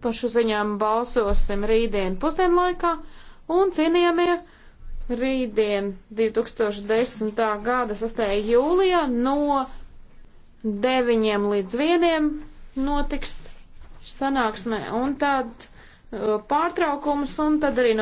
Par šo ziņām balsosim rītdien pusdienlaikā un cienījamie rītdien 2010. gada 6. jūlijā no 9 līdz 1 notiks sanāksme un tad uh, pārtraukums un tad arī no